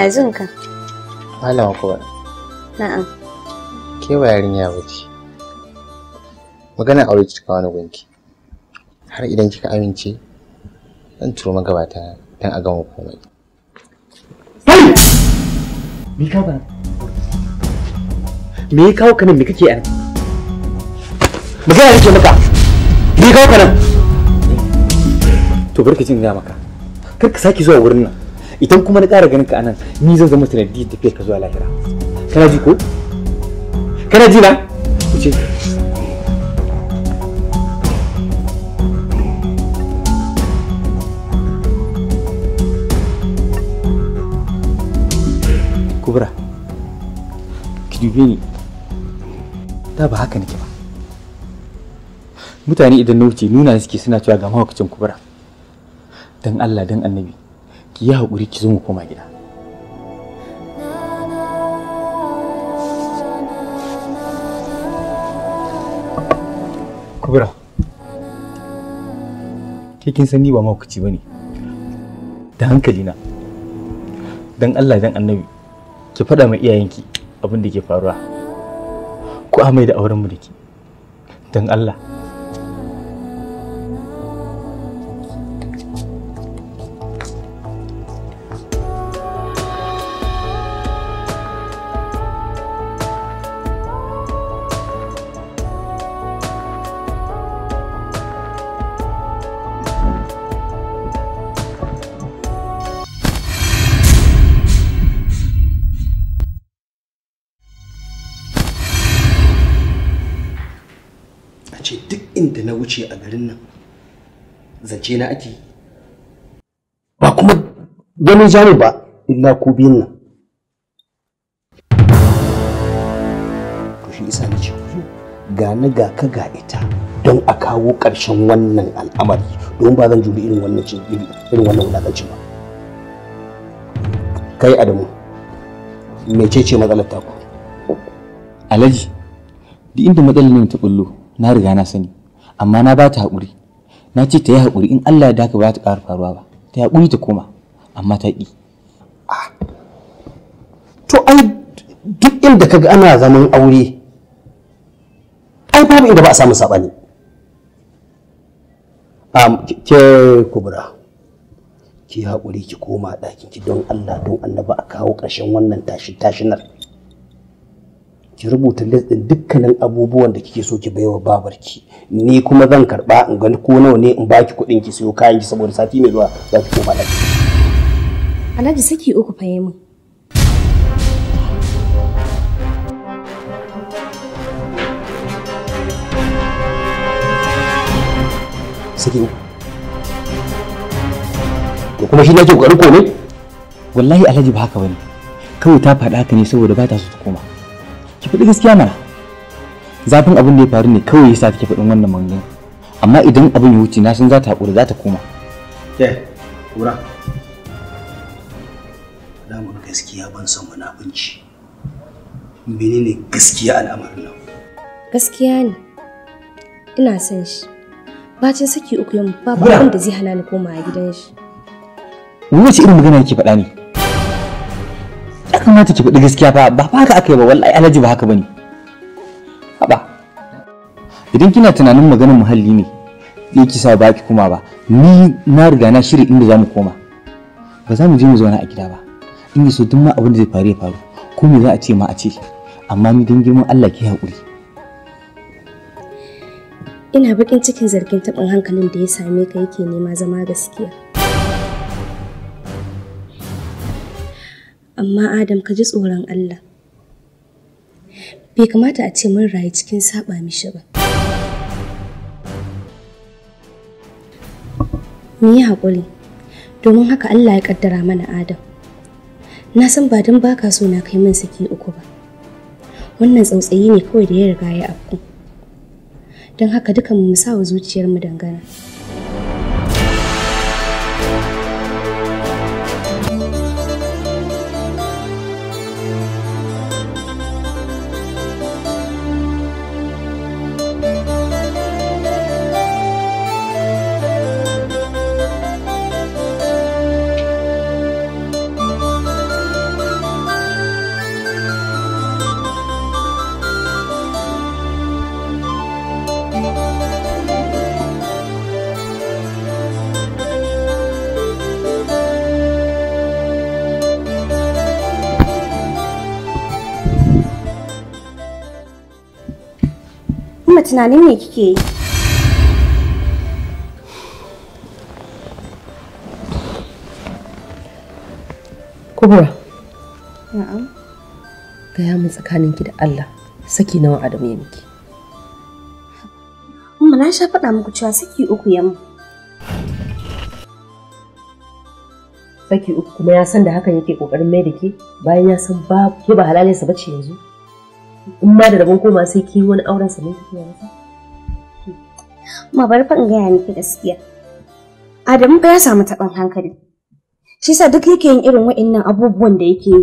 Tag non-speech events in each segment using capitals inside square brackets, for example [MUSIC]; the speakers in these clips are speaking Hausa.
ina jin ka malama kuwa na'am ke ba yarinya ba ce magana aure cika wani gunki har idan kika amince zan turo magabata don a gama komai me ka ba me ya kawo kanin me kake a nan magana nake maka me ya kawo kanin to barkacin ga maka kar ka sake zuwa wurin nan idan kuma na ƙara ganin ka anan ni zan zama sanadiyar tafiyar ka zuwa lahira kana ji ko kana ji na ku kubra ki dube ni da ba haka nake ba mutane idan na wuce nuna suke suna cewa ga mahaukacin kubra don allah dan annabi ki yi haƙuri ki zo mu koma gida kubra ke kin san ni ba mahaukaci ba ne da hankali na don allah don annabi ki faɗa ma iyayenki abin da ke faruwa ku amai da aurenmu da ki. don allah bincike na ake ba kuma ganin jami ba illa ku biyun nan to shi isa na ku ga na ga ka ga ita don a kawo ƙarshen wannan al'amari don ba zan juri irin wannan irin wannan wulakanci ba kai adamu mecece matsalar taku alhaji duk inda matsalar nan ta bullo na riga na sani amma na ba ta haƙuri na ce ta yi hakuri, in Allah ya daka ba za ta ƙara faruwa ba ta haƙuri ta koma amma ta ƙi to ai duk inda ka ga ana zaman aure ai babu inda ba a samu saɓani ke kubura ki haƙuri ki koma ɗakin ki don Allah don annaba a kawo ƙarshen wannan tashi tashinar ki rubuta list din dukkanin abubuwan da kike so ki baiwa babarki ni kuma zan karba in ga ko nawa ne in baki kuɗin ki siyo kayan ki saboda sati mai zuwa za ki koma da Alhaji saki uku fa mun Saki uku to kuma shi nake kokarin ko ne wallahi Alhaji ba haka bane kawai ta faɗa haka ne saboda ba ta so ta koma ki faɗi gaskiya mana zafin abin da ya faru ne kawai yasa take faɗin wannan maganganu amma idan abin ya wuce na san za ta haƙura za ta koma ke kura alamar gaskiya ban san wani abinci menene gaskiya al'amarin nan gaskiya ne ina son shi bacin saki uku yamma babu abin da zai hana ni komawa gidan shi wace irin magana yake faɗa ne kamata ki faɗi gaskiya fa ba haka ka yi ba wallahi alhaji ba haka bane haba idan kina tunanin maganar muhalli ne ki sa ba kuma ba ni na riga na shirya inda zamu koma ba za mu je mu zauna a gida ba in yi so duk ma abin da zai faru ya faru ko me za a ce ma a ce amma ni dan girman Allah ki haƙuri ina bakin cikin zargin taɓin hankalin da ya same ka yake nema zama gaskiya amma Adam ka ji tsoron Allah. Bai kamata a ce mun rayu cikin saba mishi ba. Mu yi haƙuri, domin haka Allah ya ƙaddara mana Adam. Na san ba don baka so na kai min saki uku ba. Wannan tsautsayi ne kawai da ya riga ya afku. Don haka dukan mu sa wa zuciyarmu dangana. Halima tunanin me kike yi? Kubra. Na'am. Gaya min tsakaninki da Allah saki nawa Adamu ya miki. Amma na sha faɗa muku cewa saki uku ya mu. Saki uku kuma ya san da hakan yake ƙoƙarin mai da ke bayan ya san ba ke ba halalinsa bace yanzu. in da rabon koma sai ki wani auren sa ne kike masa ma bar fa in gaya ki gaskiya Adamu ba ya samu taɓin hankali shi yasa duk yake yin irin wa'annan abubuwan da yake yi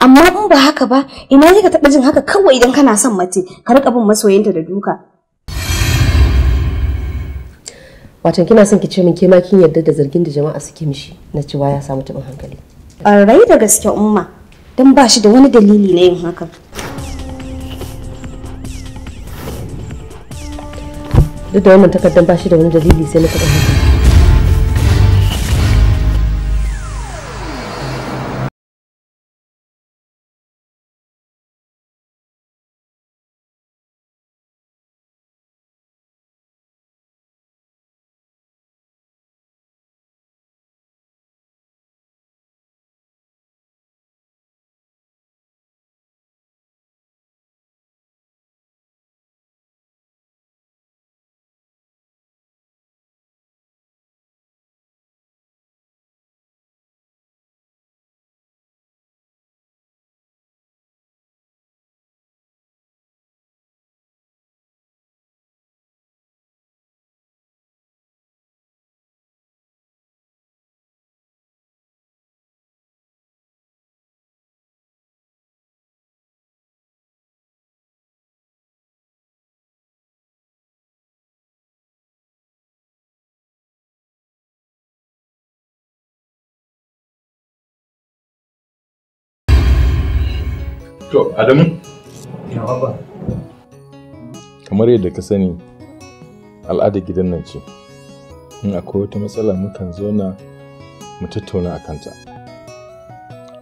amma in ba haka ba ina kika taba jin haka kawai idan kana son mace ka riƙa bin masoyinta da duka wato kina son ki ce min ke ma kin yarda da zargin da jama'a suke mishi na cewa ya samu taɓin hankali Rai da gaske umma dan ba shi da wani dalili na yin hakan duk da wannan takardar ba shi da wani dalili sai na faɗa hakan To, Adamu? Kamar yadda ka sani, al'adar gidan nan ce. In akwai wata matsala mukan zauna mu tattauna a kanta.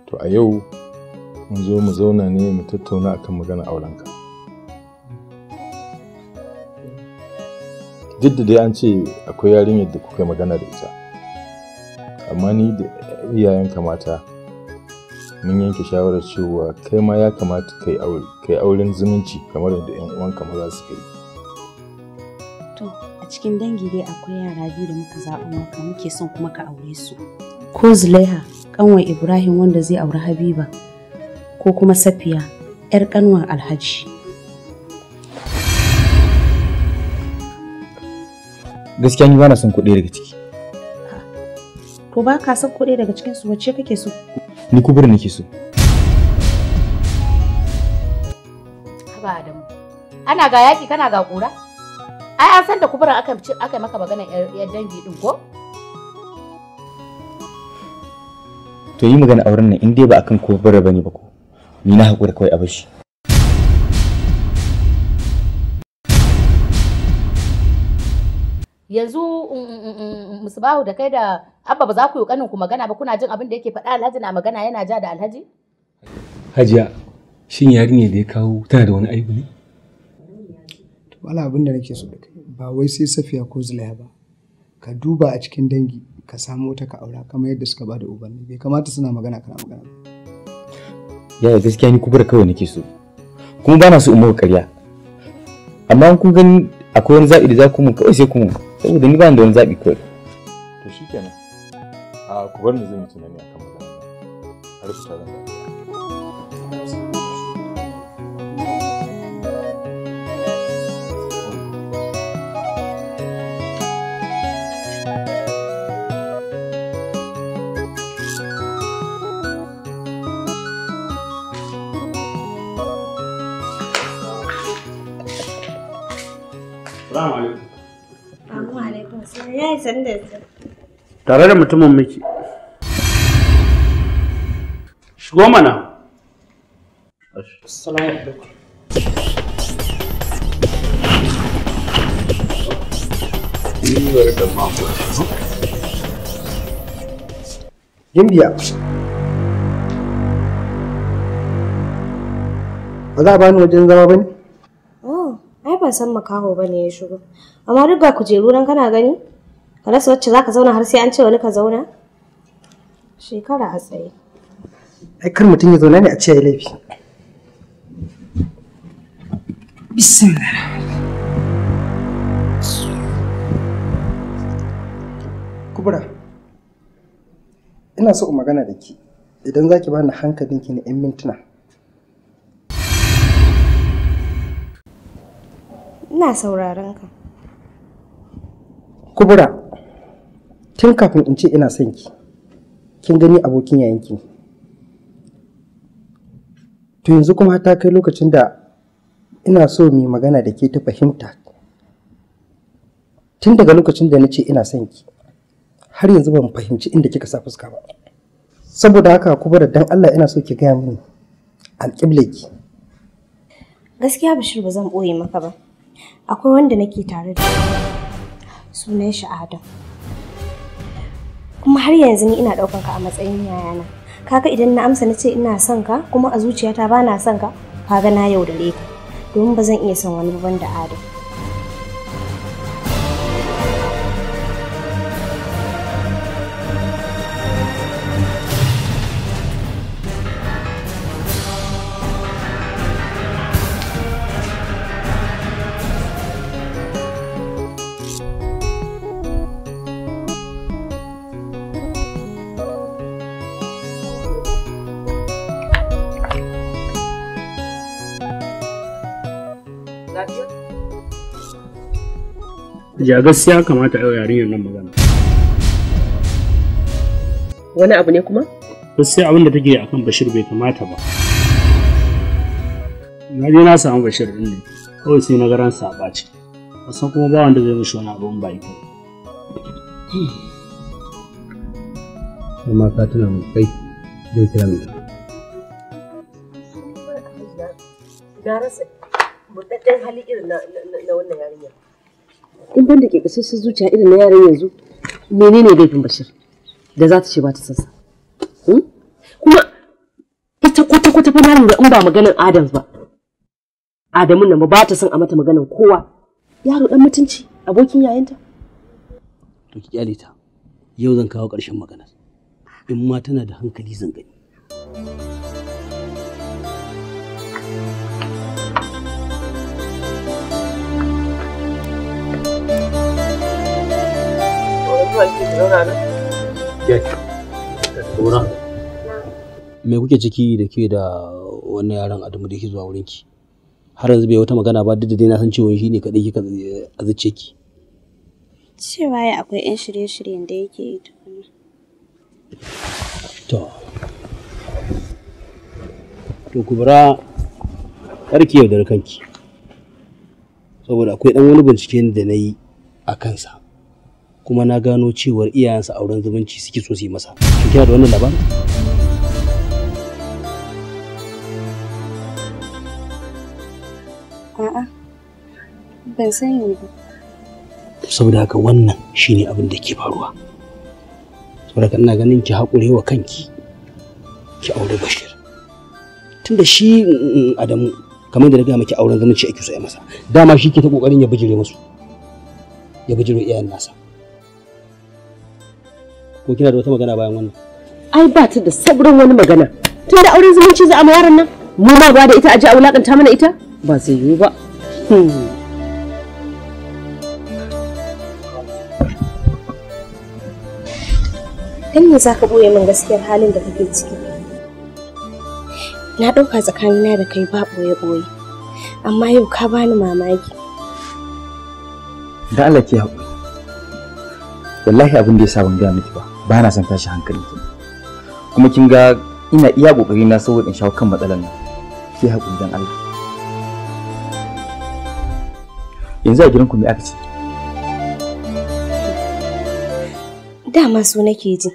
To, a yau mun zo mu zauna ne mu tattauna akan magana aurenka. Duk da dai an ce akwai yarinyar da kuka magana da ita, amma ni da iyayenka mata mun yanke shawarar cewa kai ma ya kamata kai aure kai auren zumunci kamar yadda yan uwanka maza su kai to a cikin dangi dai akwai yara biyu da muka zaɓa maka muke son kuma ka aure su ko zulaiha kanwar ibrahim wanda zai auri habiba ko kuma safiya yar kanwar alhaji gaskiya ni ba son kuɗi daga ciki ko ba ka son kuɗi daga cikin su wacce kake so ni kubura nake so haba adam ana ga yaki kana ga kura ai an san da kuburan aka ci aka maka magana yar dangi din ko to yi magana auren nan in dai ba akan kubura bane ba ko ni na hakura kai a bashi yanzu musubahu mm, mm, mm, da kai da abba ba za ku yi kanin ku magana ba kuna jin abin da yake faɗa alhaji na magana yana ja da alhaji hajiya shin yarinya da ya kawo tana da wani aibu ne wala abin da nake so da kai ba wai sai safiya ko zulaiha ba ka duba a cikin dangi ka samu wata ka aura kamar yadda suka bada ubanni bai kamata suna magana kana magana yaya gaskiya ni kubura kawai nake so kuma ba na so in muku amma kun gani akwai wani zaɓi da za ku mun kawai sai ku mun saboda ni ba da wani zaɓi kawai to shi kenan a ku bar ni zan yi tunani akan magana har su taron da Assalamu alaikum. Tare da mutumin miki. Shigo mana. Assalamu alaikum. Gimbiya. Ba za a bani wajen zama ba ne? Oh, ai ban san makaho ba ne ya shigo. Amma duk ga kujeru nan kana gani? ka rasa wacce za ka zauna har sai an ce wani ka zauna shekara a tsaye ai kar mutum ya zauna ne a ce ya laifi bismillah kubra ina so in magana da ki idan za ki bani hankalinki na 'yan mintuna ina sauraron ka kubura tun kafin in ce ina son ki kin gani abokin yayanki to yanzu kuma ta kai lokacin da ina so mu magana da ke ta fahimta tun daga lokacin da na ce ina son ki har yanzu ban fahimci inda kika sa fuska ba saboda haka kuma da dan Allah ina so ki gaya mini ki gaskiya bashir ba zan ɓoye maka ba akwai wanda nake tare da sunan shi adam kuma har yanzu ni ina ɗaukan ka a matsayin yayana kaga idan na amsa nace ina son ka kuma a zuciyata ba na son ka kaga na yaudare ka domin ba zan iya son wani babban da adam lafiya? Ja gaskiya kamata yau yarinyar nan magana. Wani abu ne kuma? Gaskiya abin da take akan Bashir bai kamata ba. Na je na samu Bashir din ne, kawai sai na garan saba ce. Wasan kuma ba wanda zai mishi wani abu in ba ita. Amma ka tuna mu kai, zai kira mu. Na rasa buɗaɗɗen hali irin na wannan yarinya in ban da ke kasashen zuciya irin na yaran yanzu menene laifin bashir da za ta ce ba ta sassa hmm? kuma ita kwata kwata fa yaron da in ba maganar adams ba adamun nan ba ta son a mata maganan kowa yaro dan mutunci abokin yayanta. to ki kyale ta yau zan kawo ƙarshen maganar in ma tana da hankali zan gani me kuke ciki da ke da wannan yaron Adamu da yake zuwa wurin ki har yanzu bai wata magana ba duk da dai na san cewa shi ne kadai kika azuce ki cewa ya akwai yan shirye-shiryen da yake yi kuma? to to kubra karki yaudar kanki saboda akwai dan wani binciken da na yi a kansa kuma na gano cewar iyayensa auren zumunci suke so su yi masa shin kina da wannan labarin a'a ban sani ba saboda haka wannan shine abin da ke faruwa saboda haka ina ganin ki haƙure wa kanki ki aure bashir tunda shi mm, adamu kamar da na gaya auren zumunci ake so ya masa dama shi ke ta kokarin ya bijire musu ya bijire iyayen nasa ko kina da wata magana bayan wannan ai ba ta da sabrin wani magana tun da auren zumunci za a yaran nan mu ma ba da ita a ji a wulakanta mana ita ba zai yiwu ba Kan hmm. me zaka boye min gaskiyar halin da kake ciki na ɗauka tsakanina da kai ba ɓoye-ɓoye amma yau ka bani mamaki da Allah ke haƙuri wallahi abin da ya sa ban gaya miki ba ba na son tashi hankali ki kuma kin ga ina iya kokari na saboda in shawo kan matsalar nan ki hakuri dan Allah yanzu a gidanku me aka ce dama so nake ji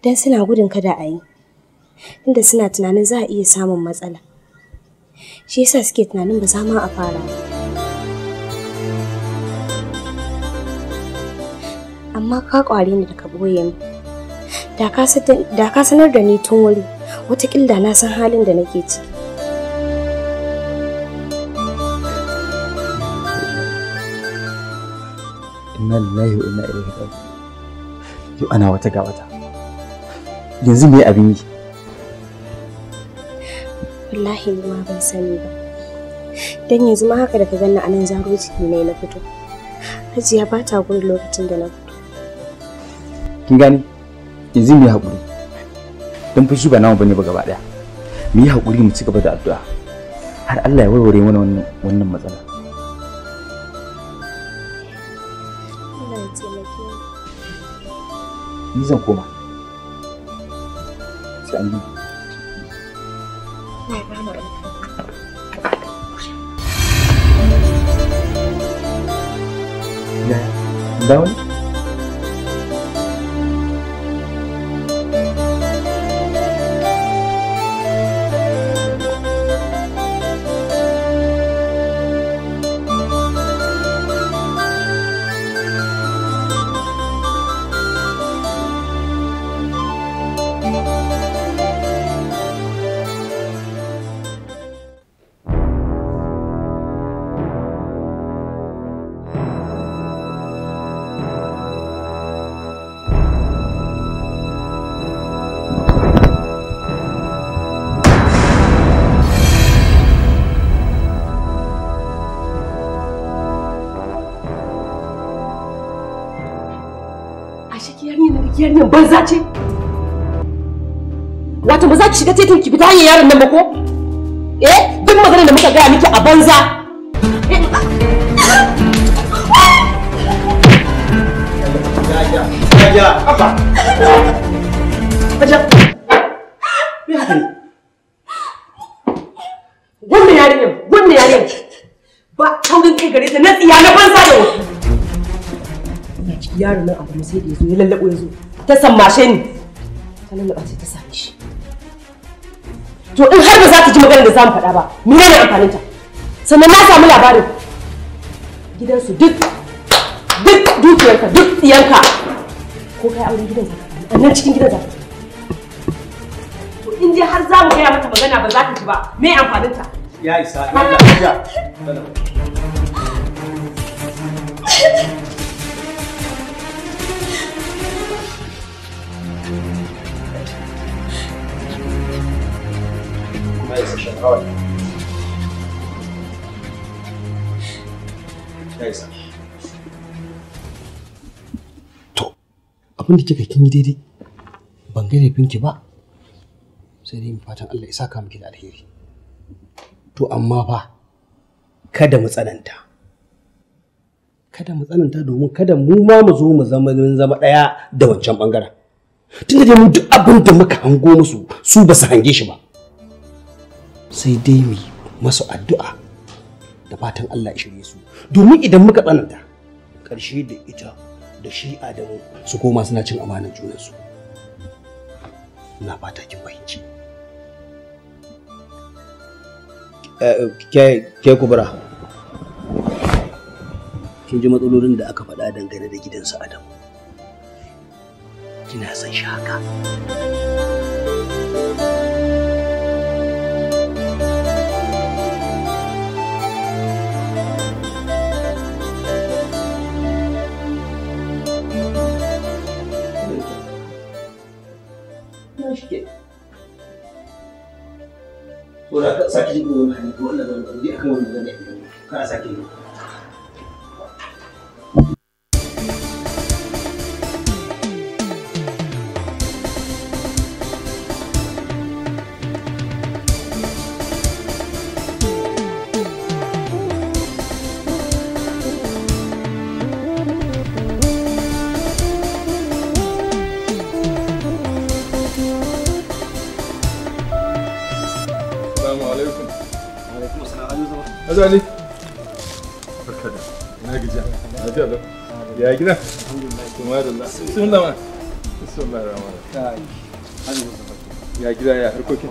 dan suna gudun kada a yi inda suna tunanin za a iya samun matsala shi yasa suke tunanin ba za ma a fara ba amma ka ƙware ni da ka ɓoye Da ka sanar da ni tun wuri, wataƙila na san halin da nake ciki. Inna lillahi wa inna ilaihi raji'un. ana wata ga wata. Yanzu me abin yi? Wallahi ni ma ban sani ba. Dan yanzu ma haka da ka ganna anan zaro ciki ne na fito. Hajiya ba ta gudu lokacin da na fito. kin gane yanzu mu yi haƙuri dan fushi ba namu bane ba gaba ɗaya mu yi haƙuri mu ci gaba da addu'a har Allah ya warware mana wannan wannan matsala ni koma sai an yi gaskiyar nan banza ce wato ba za ki shiga titin ki bi ta hanyar yaron nan ba ko eh duk maganar da muka gaya miki a banza Wannan yarinyar, wannan yarinyar ba taurin kai gare ta na tsiya na banza da wasu. Yaro nan abu sai da ya zo ya lallabo ya zo. ta sammashe ni ta lallaba sai ta same shi to in har ba za ta ji maganar da za mu faɗa ba mene ne amfanin ta sannan na samu labarin gidansu duk duk dukiyarka duk tsiyanka ko kai auren gidan ka nan cikin gidan za ka to in dai har za mu gaya mata magana ba za ta ji ba me amfanin ta ya isa ya isa To, abin da kika kin yi daidai ban ga laifinki ba sai dai fatan Allah ya saka miki da alheri. To amma fa kada mu tsananta. Kada mu tsananta domin kada mu ma mu zo mu zama zama ɗaya da wancan ɓangaren. Tunda dai mu duk abin da muka hango musu su ba su hange shi ba. sai dai mu masu addu'a da fatan Allah ya shirye su domin idan muka tsananta ƙarshe da ita da shi Adamu su koma suna cin amanar junansu ina fata kin fahimci eh, ke kubura kin ji matsalolin da aka faɗa dangane da gidansa Adamu kina san shi haka sikit Orang tak sakit juga Dia akan berbunyi Bukan sakit ya gida alhamdulillah bismillah bismillah ya gida ya harkokin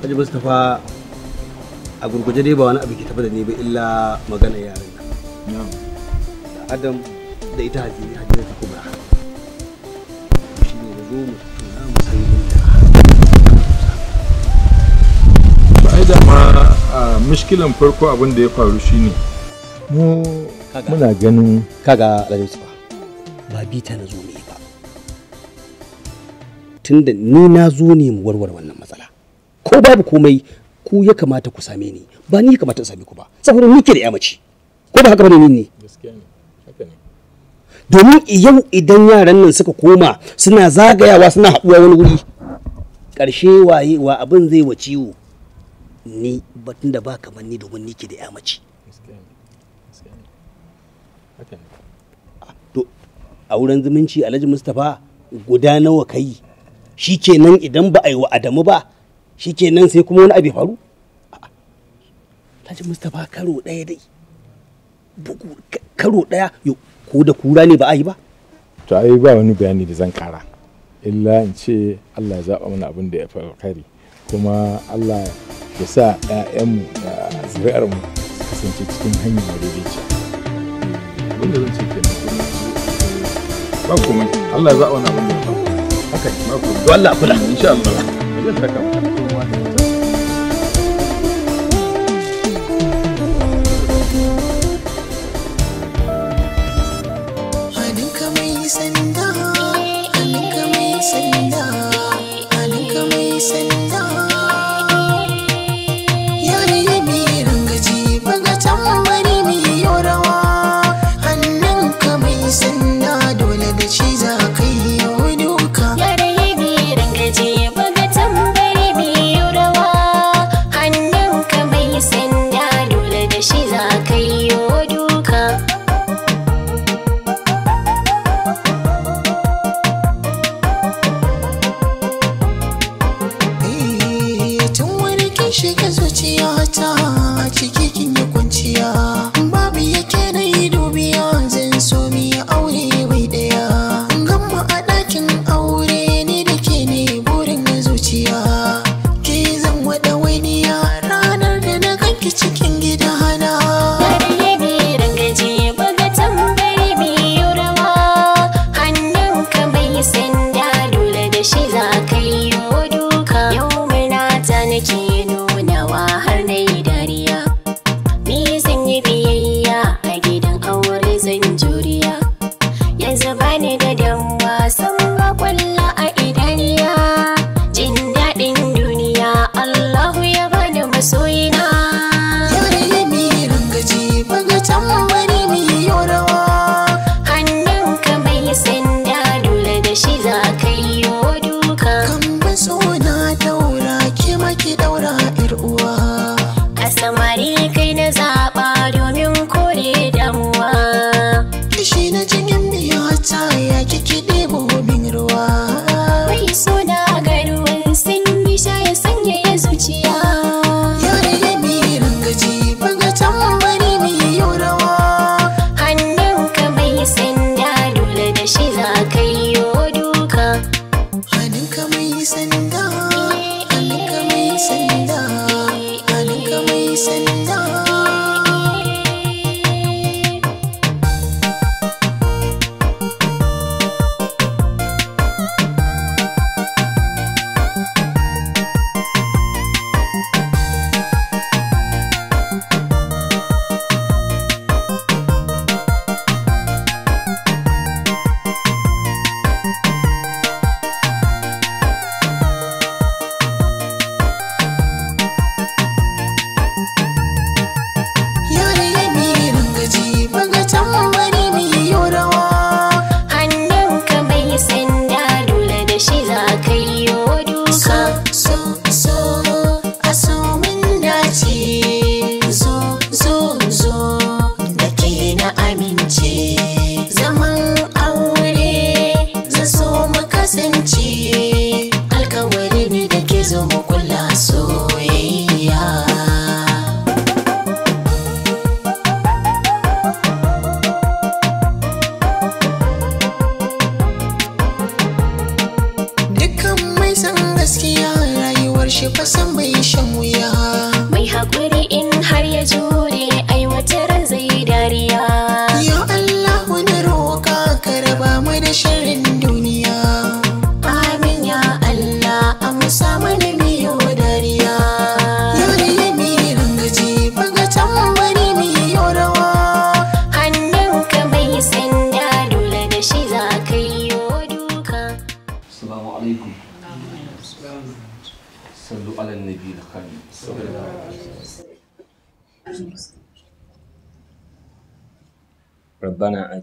Haji Mustapha a gurguje dai ba wani abu ke tafi da ni ba illa magana yaran nan. Da Adam da ita Hajji Hajji ta kuma. Shi ne da a farko abin da ya faru shine mu muna ganin kaga alhaji ba ta na zo ne ba tunda ni na zo ne mu warware wannan matsala ko babu komai ku ya kamata ku same ni ba ni ya kamata in same ku ba saboda ni ke da yamaci ko ba haka bane ni ne domin yau idan yaran nan suka koma suna zagayawa suna haɗuwa wani wuri ƙarshe waye wa abin zai wa ciwo ni batun da ba kamar ni domin nike da ya mace ah, a wurin zumunci alhaji mustapha guda nawa kai shikenan idan ba a yi wa adamu ba shikenan sai kuma wani abu faru ah, alhaji mustapha karo daya dai karo ɗaya ko da kura ne ba a yi ba to ai ba wani bayani da zan kara illa in ce allah ya zaɓa mana abin da ya faru kari. kuma allah ya sa 'ya'yanmu da zuri'armu kasance cikin hanyar madaidaiciya abinda zan ce ke kenan kuma ba kuma allah ya za'a wani abin da ba haka ne ba kuma. to allah kula insha allah zai saka mu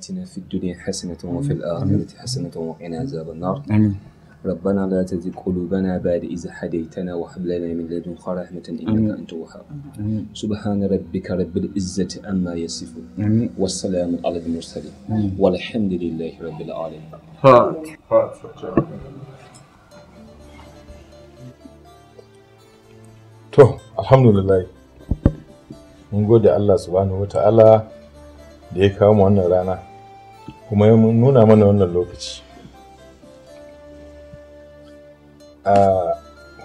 آتنا في الدنيا حسنة وفي الآخرة حسنة وقنا عذاب النار آمين ربنا لا تزغ قلوبنا بعد إذ هديتنا وهب لنا من لدنك رحمة إنك أنت الوهاب سبحان ربك رب العزة عما يصفون والسلام على المرسلين والحمد لله رب العالمين فاتح فاتح To, alhamdulillah, mun gode Allah subhanahu wa ta'ala da ya kawo kuma ya nuna mana wannan lokaci a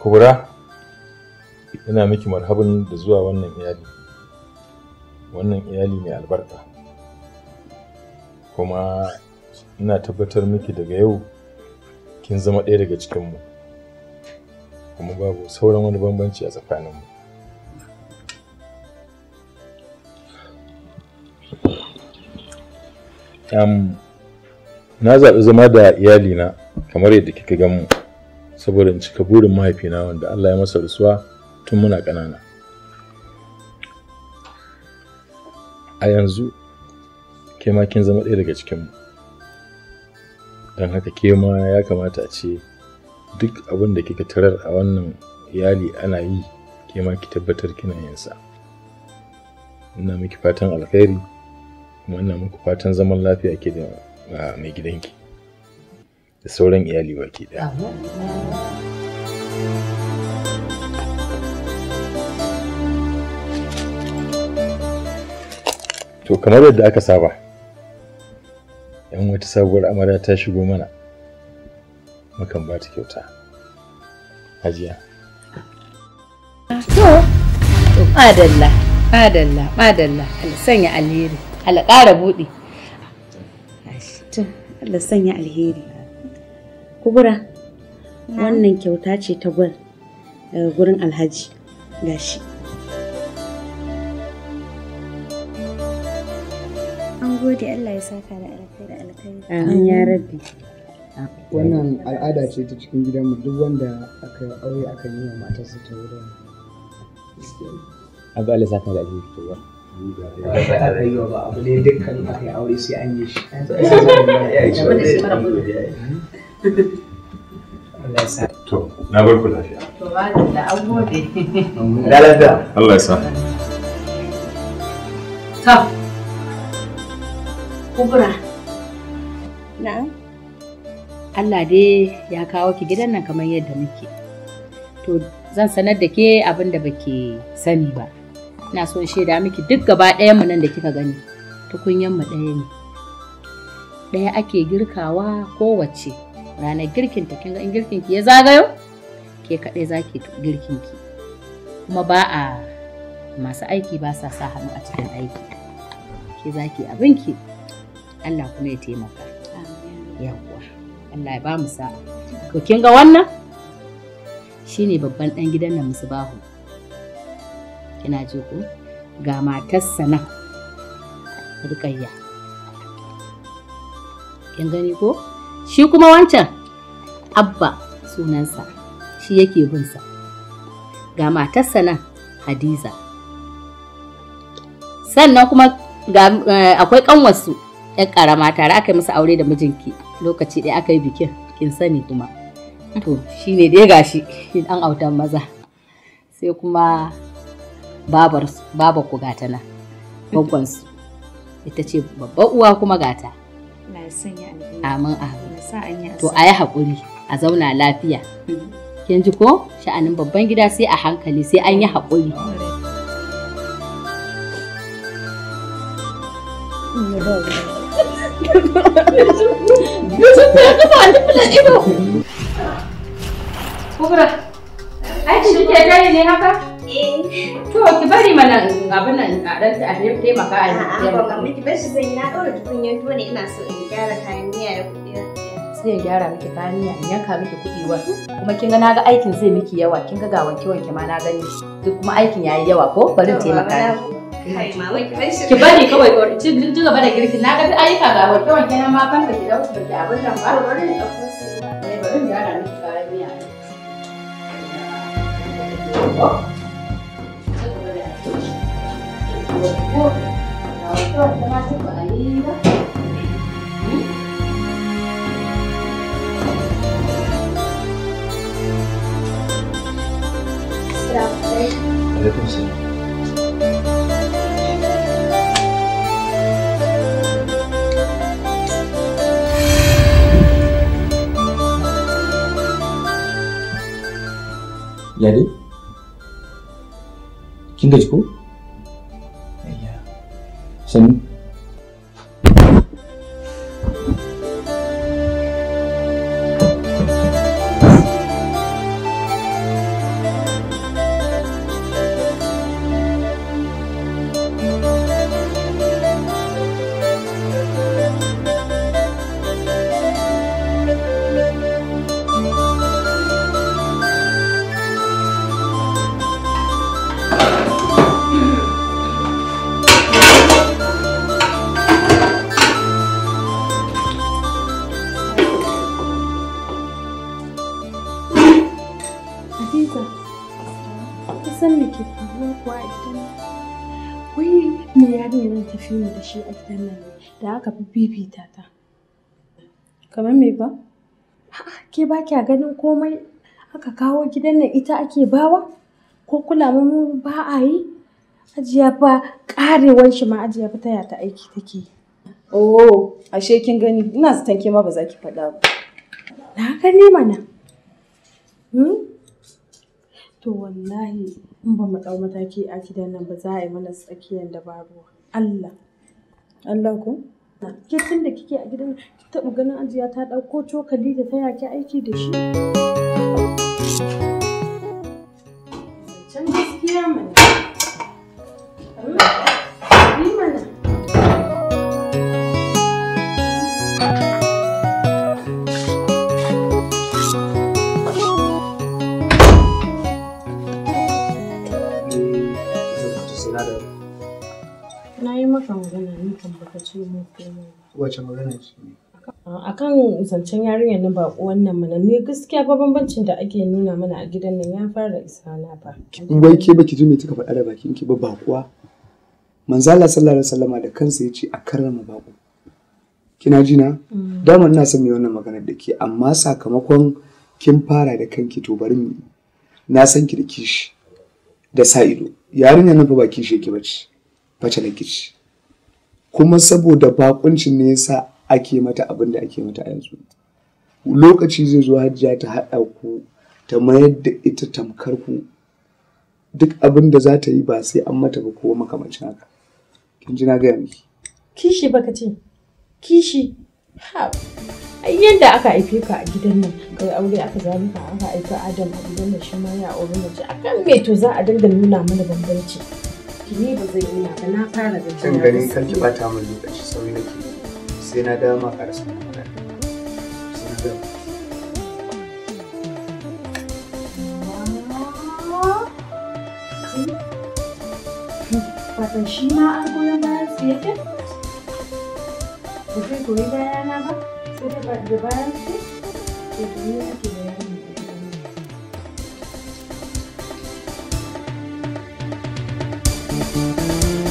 kubura yana miki marhabin da zuwa wannan iyali wannan iyali mai albarka kuma ina tabbatar miki daga yau kin zama ɗaya daga cikinmu kuma babu sauran wani bambanci a tsakaninmu na zaɓi zama da iyalina kamar yadda kika gan mu saboda in cika burin mahaifina wanda Allah ya masa rasuwa tun muna ƙanana a yanzu ke ma kin zama ɗaya daga cikinmu don haka ke ma ya kamata a ce duk abin da kika tarar a wannan iyali ana yi ke ma ki tabbatar kina yinsa ina miki fatan alkhairi Wannan muku fatan zaman lafiya ke da mai gidanki da sauran iyali baki daya. To kamar yadda aka saba, ‘yan wata sabuwar amarya ta shigo mana, mukan ba ta kyauta. Hajiya. To, adalla, adalla, adalla, sanya alheri. Allah buɗe Allah sanya alheri kubura wannan kyauta ce ta gwal daga eh, gurin alhaji gashi an gode Allah ya saka da alkhairi amin ya rabbi wannan al'ada ce ta cikin gidanmu duk wanda aka aure aka yi wa matarsa ta wurin abu Allah saka da alheri wurin. rayuwa ba abu ne dukkan aka yi aure sai an yi shi to na bar ku lafiya to ba da an gode lalata Allah ya sa ta kubra na Allah dai ya kawo ki gidan nan kamar yadda muke to zan sanar da ke abin da baki sani ba ina son shaida miki duk gaba ɗayan mu nan da kika gani tukunyan mu ɗaya ne ɗaya ake girkawa kowace ranar girkin ta kinga in girkin ki ya zagayo ke kaɗai zaki girkin ki kuma ba a masu aiki ba sa sa hannu a cikin aiki ke zaki abinki Allah kuma ya taimaka yawwa Allah ya ba mu sa'a to kin ga wannan shine babban ɗan gidan nan musu bahu kina ji ku ga matarsa nan rukayya kin gani ko shi kuma wancan abba sunansa shi yake binsa ga matarsa nan hadiza sannan kuma eh, akwai kanwarsu yan karama tare aka yi masa aure da mijinki lokaci ɗaya aka yi bikin kin sani kuma to shine dai gashi an autan maza sai kuma babar babar ku gata na babban su ita ce babban uwa kuma gata amin a to a yi haƙuri a zauna lafiya mm-hmm. kin ji ko sha'anin babban gida sai a hankali sai an yi haƙuri Kubra, ai shi ke ne haka? To ki bari mana abin nan a dan a je taimaka a yi. A'a ba mamma ki bar shi zan yi na dora tukunyan tuwo ne ina so in gyara kayan miya da kuɗi. Sai ya gyara miki kayan miya in yanka miki kuɗi wa. Kuma kin ga na ga aikin zai miki yawa kin ga ga wanke wanke ma na gani. Duk kuma aikin ya yi yawa ko bari taimaka miki. Ki bari kawai ci ci gaba da girki na ga duk ayyuka ga wanke wanke nan ma kan da ki dauki ki abin nan ba. Bari ni ɗauko Bari ni gyara miki kayan miya. Oh. ko da wata ฉัน fifita ta. Kamar me Ha, Ke ba kya ganin komai aka kawo gidan nan ita ake bawa? Ko kula mu ba a yi? Ajiya fa ƙarewar shi ma ajiya fa taya ta aiki take Oh, ashe kin gani ina zaton ke ma ba za ki faɗa ba. Na gani mana. Hmm? To wallahi in ba mu ɗau mataki a gidan nan ba za a yi mana tsakiyar dabaruwa. Allah. Allah ku? Ke tun da kike a gidan ki taɓa ganin ajiya ta ɗauko cokali da ta yaƙi aiki da shi? wace magana ce a akan zancen yarinyar na ba wannan mana ne gaskiya ba bambancin da ake nuna mana a gidan nan ya fara isa na ba wai ke baki ji me kika faɗa da bakin ki ba bakuwa manzo Allah sallallahu alaihi wasallama da kansa yace a karrama bako kina ji na mm. dama ina son mai wannan maganar da ke amma sakamakon kin fara da kanki to bari mu na san ki da kishi da sa ido yarinyar nan fa ba kishi yake bace bace na kishi kuma saboda bakuncin ne yasa ake mata abin da ake mata a yanzu lokaci zai zo hajjiya ta haɗa ku ta mayar da ita tamkar ku duk abin da za ta yi ba sai an mata ba ko makamancin haka kin ji na gaya miki kishi baka ce kishi ha yadda aka haife ka a gidan nan kai aure aka zabi ka aka aika adam a gidan nan shi ma ya aure mace akan me to za a dinga nuna mana bambanci ne ba zai yi ba na fara da jin ganin kan ki bata min lokaci sauri nake sai na dama ma karasa magana sai na dawo Watan shi ma an goyon bayan su yake? Ba zai goyi bayana ba? Sai da bayan su? Ke duniya ake bayani. Thank you.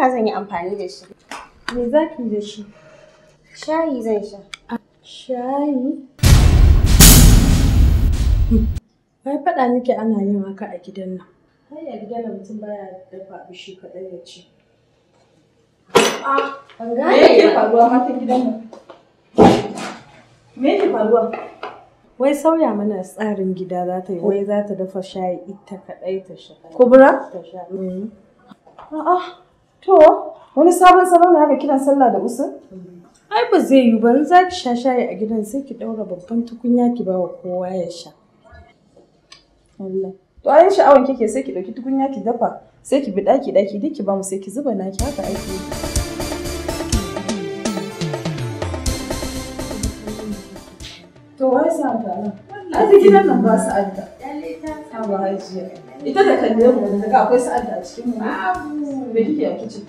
saka zan yi amfani da shi. Me za ki da shi? Shayi zan sha. Shayi? Ai faɗa nake ana yin haka a gidan nan. Ai a gidan nan mutum baya dafa abu shi kaɗai ya ci. Ah, an gane. Me yake faruwa matan gidan nan? Me ke faruwa? Wai sauya mana tsarin gida za ta yi, wai za ta dafa shayi ita kaɗai ta sha. Kubura? Ta sha. Mm. A'a, ah, ah. To, wani sabon salon aka kiran sallah da usul? Ai ba zai yi ba, za ki sha shayi a gidan sai ki ɗaura babban tukunya ki ba wa kowa ya sha. Allah. To ayin sha'awar kike sai ki ɗauki tukunya ki dafa, sai ki bi ɗaki ɗaki duk ki ba mu sai ki zuba naki haka ake yi. To wai sa ta nan? Ai gidan nan ba su adda. Abu Hajiya. Ita da kalle mu daga akwai sa'ad da a cikin mu. Babu. Me kike a kicin?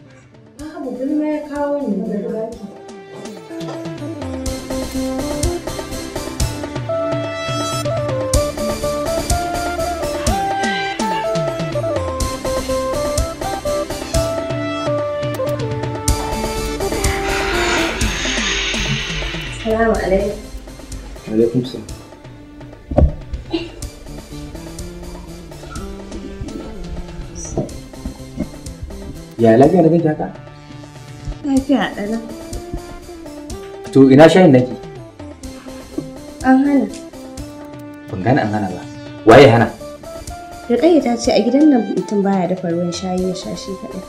Babu gulma ya kawo ni daga daki. Salamu alaikum. Alaikum salam. ya lafiya da ganki haka lafiya ɗana to ina shayin nake an hana ban gani an hana ba waye hana Rukayya ta ce a gidan nan mutum baya dafa ruwan shayi ya sha shi kaɗai.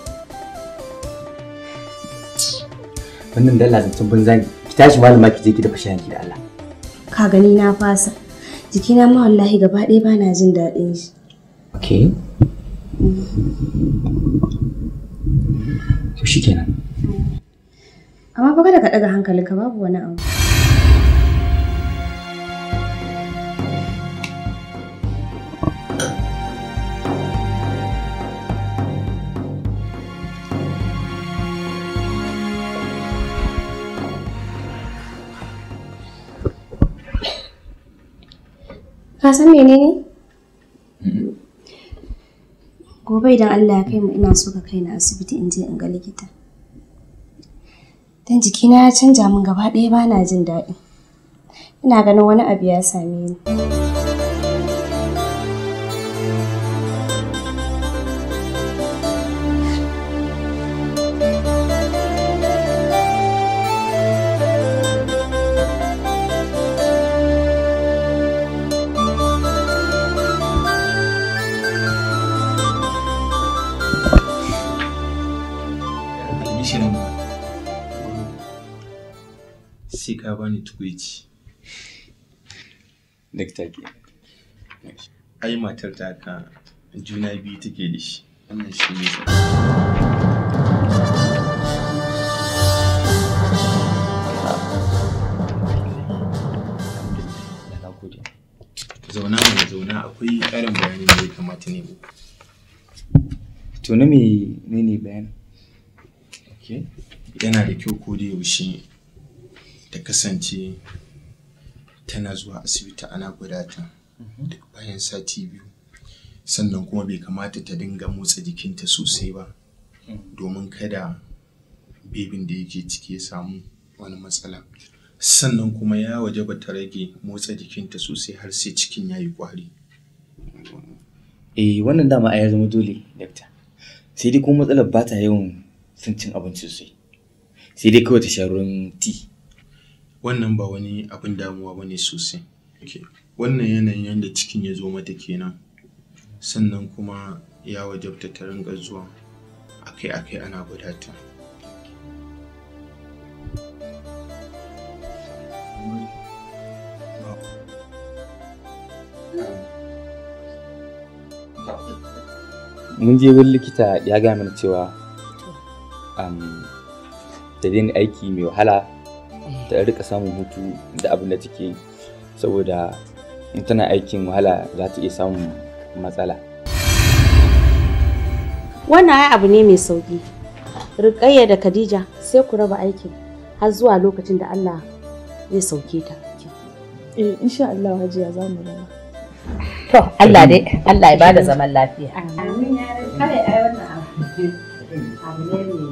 Wannan dalla zancen banza ne. Ki tashi malama ki je ki dafa shayin ki da Allah. Ka gani na fasa. Jikina ma wallahi gaba ɗaya bana jin daɗin shi. Okay. Mm. kenan. amma fa kada ka ɗaga hankali ka babu wani abu ka san menene Gobe idan Allah ya kai mu ina so ka kai na asibiti in je in ga likita. Dan jikina ya canja min gaba ɗaya bana jin daɗi. Ina ganin wani abu ya same ni. bani tukuici dakta ke ai matar ta ka juna biyu take da shi wannan shi ne zauna mai zauna akwai ƙarin bayani da ya kamata ne mu to na me ne bayan okay yana da kyau ko da yaushe ta kasance tana zuwa asibiti ana guda ta mhm. duk bayan sati biyu sannan kuma bai kamata ta dinga motsa jikinta sosai ba mhm. domin kada bebin da yake ciki ya samu wani matsala sannan kuma ya waje ba ta rage motsa jikinta sosai har sai cikin ya yi kwari eh wannan dama a ya zama dole dakta sai dai kuma matsalar ba ta yawan sun cin abinci sosai sai dai kawai ta sha ruwan tea wannan ba wani abin damuwa ba ne sosai wannan yanayin yadda cikin ya zo mata kenan sannan kuma ya wajabta ta ringa zuwa akai kai ana gwada mun je wurin likita ya gaya mana cewa da daina aiki mai wahala ta rika samun hutu da abin da take yi saboda in tana aikin wahala za ta iya samun matsala wannan ai abu ne mai sauki rikayya da khadija sai ku raba aikin har zuwa lokacin da allah zai sauke ta eh insha allah hajiya za mu raba to allah dai allah ya bada zaman lafiya amin ya kare ai wannan abu ne mai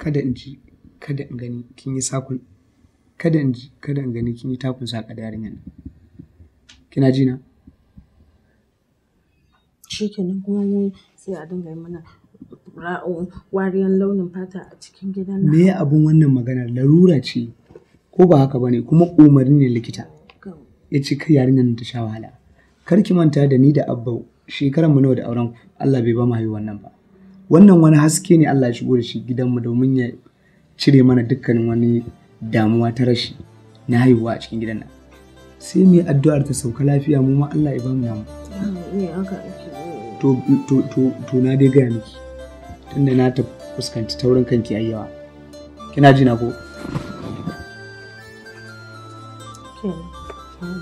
kada in ji kada in gani kin yi sakun kada in ji kada in gani kin yi takun saka da yarinyar kina ji na nan kuma mu sai a dinga yi mana wariyan launin fata a cikin gidan nan me abun wannan magana larura ce ko ba haka bane kuma umarni ne likita ya ce kai yarinyar ta sha wahala kar ki manta da ni da abbau shekaran mu nawa da auren Allah bai ba mu haihuwan nan ba wannan wani haske ne Allah ya shigo da shi gidanmu domin ya cire mana dukkanin wani damuwa ta rashi na haihuwa a cikin gidan nan sai mu yi addu'ar ta sauka lafiya mu ma Allah ya bamu yamu to to to to na dai gaya miki tunda na ta fuskanci taurin kanki ayyawa kina ji na ko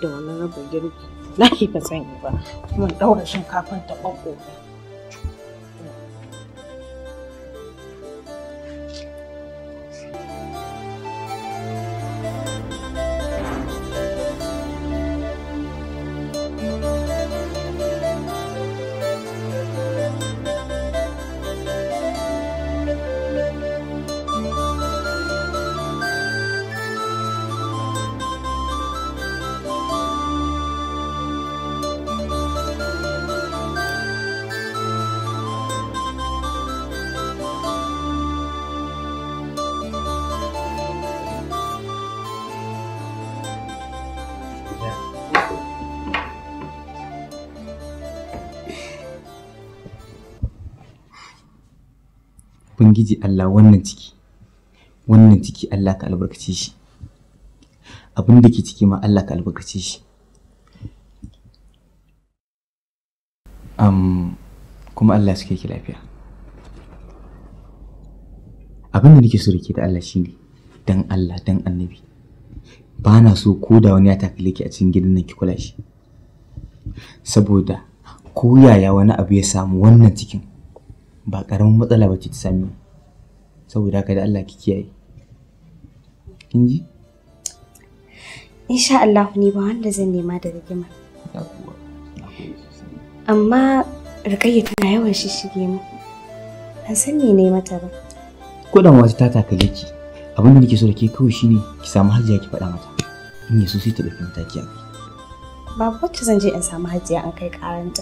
da wannan rabin girki na ke ka sanya ba kuma ɗaura shinkafan ta ɓaɓɓo ubangiji Allah wannan ciki wannan ciki Allah ka albarkace shi abin da ke ciki ma Allah ka albarkace shi um, kuma Allah suke ki lafiya abin da nake so da ke da Allah shine dan Allah dan annabi ba na so ko da wani ya takale ki a cikin gidan nan ki kula shi saboda ko yaya wani abu ya samu wannan cikin ba ƙaramin matsala ba ce ta sami saboda haka da Allah ki kiyaye kin ji insha Allah ni ba wanda zan nema da rigima amma rikayya tana yawan shishige mu ban san me ne mata ba ko dan wata ta takale ki abin da nake so da ke kawai shine ki samu hajiya ki faɗa mata in yaso sai ta ɗauki mataki a kai babu wacce zan je in samu hajiya an kai karanta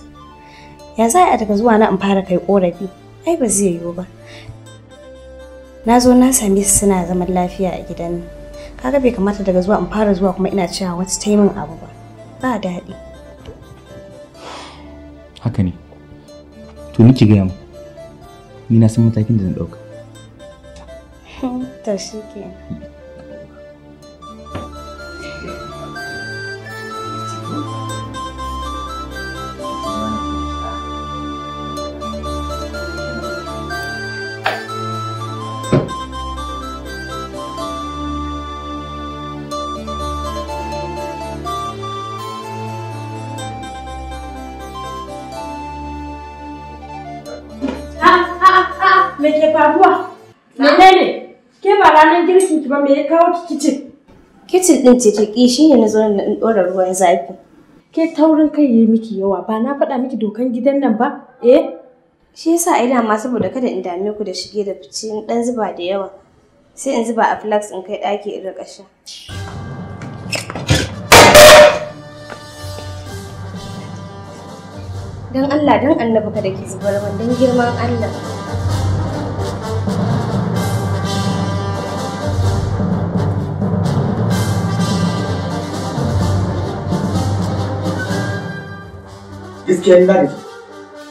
ya za a daga zuwa na in fara kai korafi ai ba zai yiwu ba na zo na same su suna zaman lafiya a gidan nan kaga bai kamata daga zuwa in fara zuwa kuma ina cewa wata ta yi min abu ba ba daɗi haka ne to ni ki gaya mu ni na san matakin da na ɗauka [LAUGHS] to shi kenan me ya kawo ki kicin? Kicin ɗin ce ta ƙi shi ne na zo na ɗora ruwan zafi. Ke taurin kai ya miki yawa ba na faɗa miki dokan gidan nan ba? Eh? Shi yasa a ma saboda kada in dame ku da shige da fice in ɗan zuba da yawa. Sai in zuba a flax in kai ɗaki in riƙa sha. Don Allah don annabi kada ki zubar min don girman Allah. gaskiya ni na gaji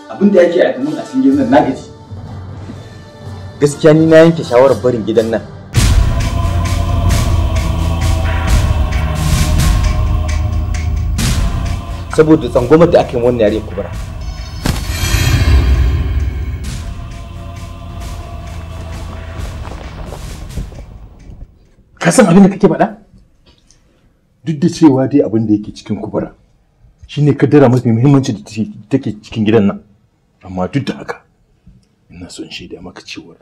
abin da yake a kamun a cikin gidan na gaji gaskiya ni na yanke shawarar barin gidan nan saboda tsangomar da aka yi wannan yare kubura ka san abin da kake faɗa duk da cewa dai abin da yake cikin kubura shine kaddara mafi muhimmanci da take cikin gidan nan amma duk da haka ina son shaida maka cewa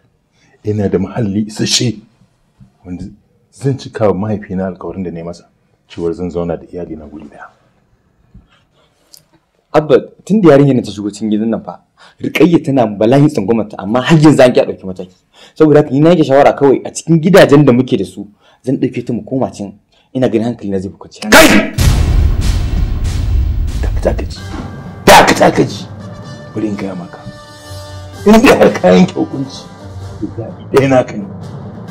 ina da muhalli isasshe wanda zan cika wa mahaifina alkawarin da ne masa cewar zan zauna da iyali na guri daya abba tun da yarinyar ta shigo cikin gidan nan fa rikayya tana bala'in ta amma har yanzu an ki a ɗauki mataki saboda haka ni na yake shawara kawai a cikin gidajen da muke da su zan dauke ta mu koma can ina ganin hankali na zai buƙaci kai dakata ka ji dakata ka ji bari gaya maka in dai har ka yanke hukunci ɗaya naka ne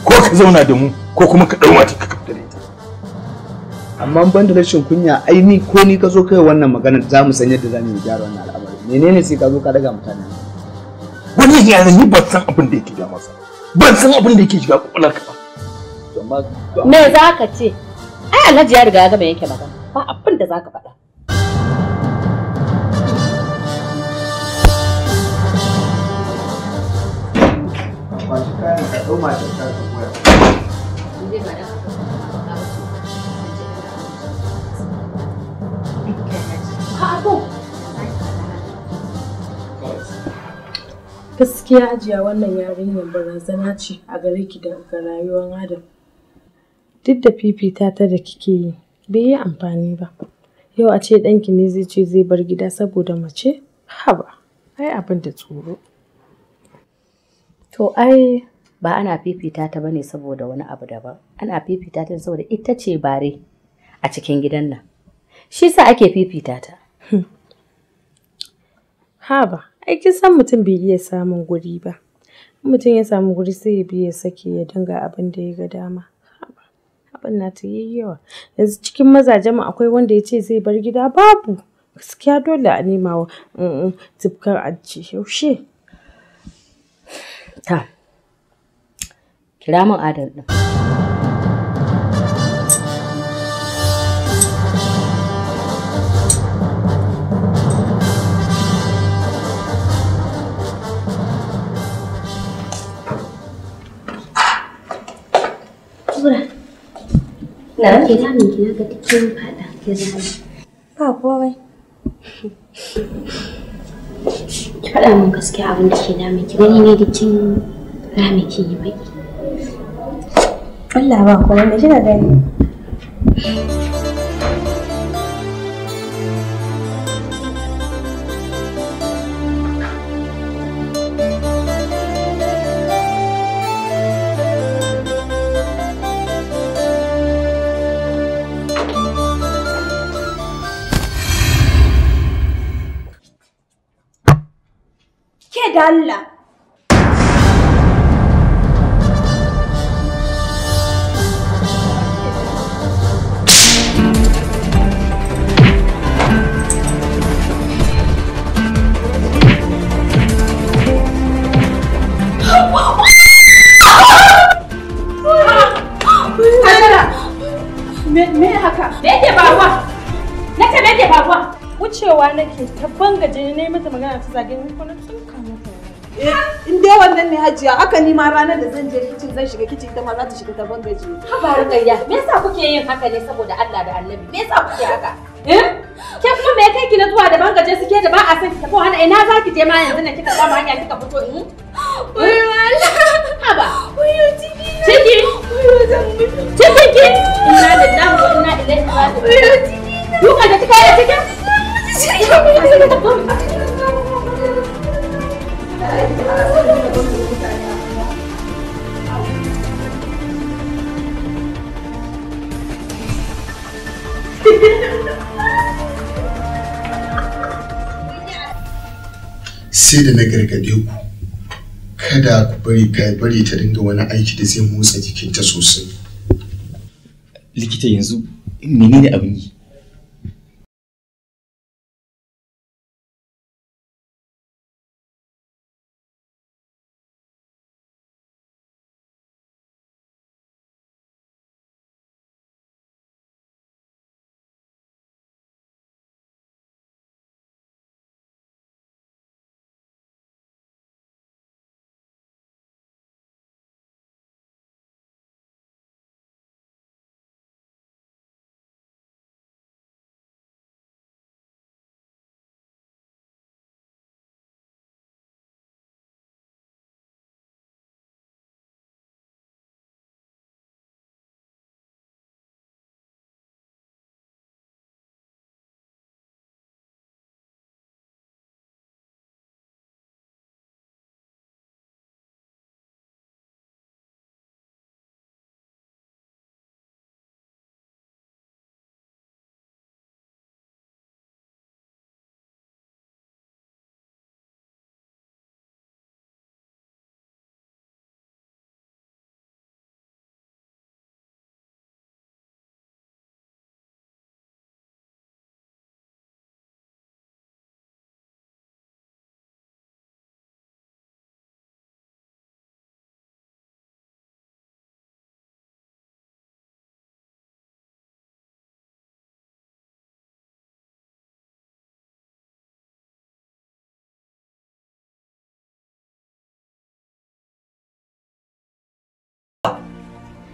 ko ka zauna da mu ko kuma ka ɗau mata ka kafta da amma ban da rashin kunya ai ni ko ni ka zo kai wannan magana za mu san yadda za mu gyara wannan al'amari menene sai ka zo ka daga mutane wani yaran ni ban san abin da yake da sa, ban san abin da yake shiga kwakwalwar ka ba me za ka ce ai alhaji ya riga ya gama yake magana ba abin da za ka faɗa kayan Gaskiya ajiya wannan yarinyar barazana ce a gare ki da ga rayuwar Adam. Duk da fifita ta da kike yi, bai yi amfani ba. Yau a ce ɗanki ne zai ce zai bar gida saboda mace? Haba, ai abin da tsoro. To ai ba ana fifita ta bane saboda wani abu daban. Ana fifita ta saboda ita ce bare a cikin gidan nan. Shi sa ake fifita ta. Hmm. Haba, ai kin san mutum bai iya samun guri ba. Mutum ya samu guri sai ya biya sake ya dinga abin da ya ga dama. Abin na ta yi yawa. Yanzu cikin mazajen mu akwai wanda ya ce zai bar gida babu. Gaskiya dole a nema wa tufkar ajiye yaushe. ta kira min adal mình Na'am. Ke cái ki ga cikin fada ke zama. Ba komai. ki faɗa min gaskiya abin da ke damun ki gani ne dikin rami kin yi baki Allah ba kuma da kina gani Allah me haka me yake na me yake wucewa nake ta banga jini ne mata magana ta zage ni ko in dai wannan ne hajiya aka ma ranar da zan je kicin zan shiga kicin ita ma za ta shiga ta ban bangaji haba rukayya me yasa kuke yin haka ne saboda Allah da Annabi me yasa kuke haka eh ke kuma me kai ki na zuwa da ban bangaje suke da ba a san ki tafi wani ina za ki je ma yanzu nan kika kama hanya kika fito in wai wala haba wayo tiki tiki wayo zan mutu tiki ki inna lillahi wa inna ilaihi raji'un tiki duka da kika yi tiki sai da na gargade ku kada ku bari ka bari ta dinga wani aiki da zai motsa jikinta sosai likita yanzu menene abin yi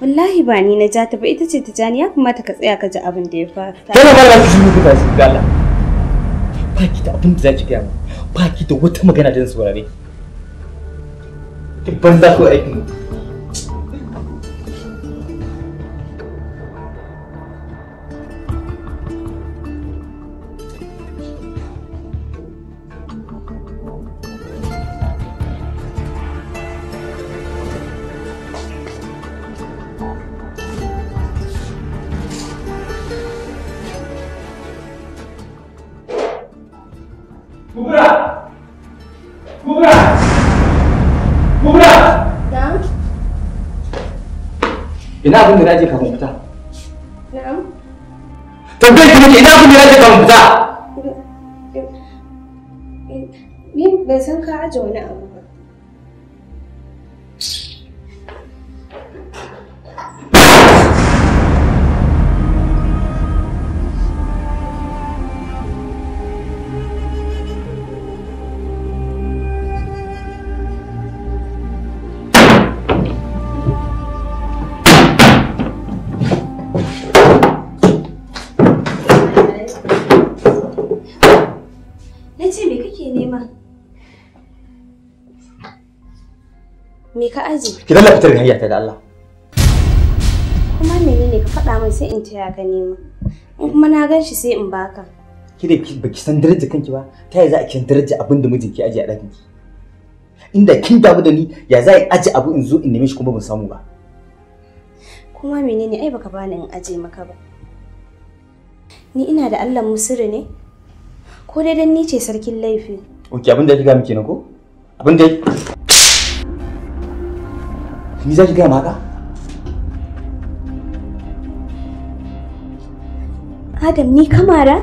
wallahi ba ni na ja ta ba ita ce ta jani ya kamata ka tsaya ka ji abin da ya faru kana ba za ki shiru ku tashi ga Allah ba ki da abin da za ki ga ba ba ki da wata magana da zan saurare ki banza ko aikin ina abin da na ka kafin fita tambayar ki nake ina abin da na ka kafin fita ni ban san ka aje wani abu Me ka aji. Ki dalla fitar da hayyata da Allah. Kuma menene ka faɗa min sai in taya ka nema. In kuma na gan shi sai in baka. Ki da baki san daraja kanki ba, ta yaya za a kin daraja abin da mijinki aje a ɗakin ki? Inda kin damu da ni, ya za a aje abu in zo in neme shi kuma ban samu ba. Kuma menene ai baka bani in aje maka ba. Ni ina da Allah musiri ne? Ko dai dan ni ce sarkin laifi? Oke abin da ya ga miki kenan ko? Abin da ni za ki gaya maka adam ni kamara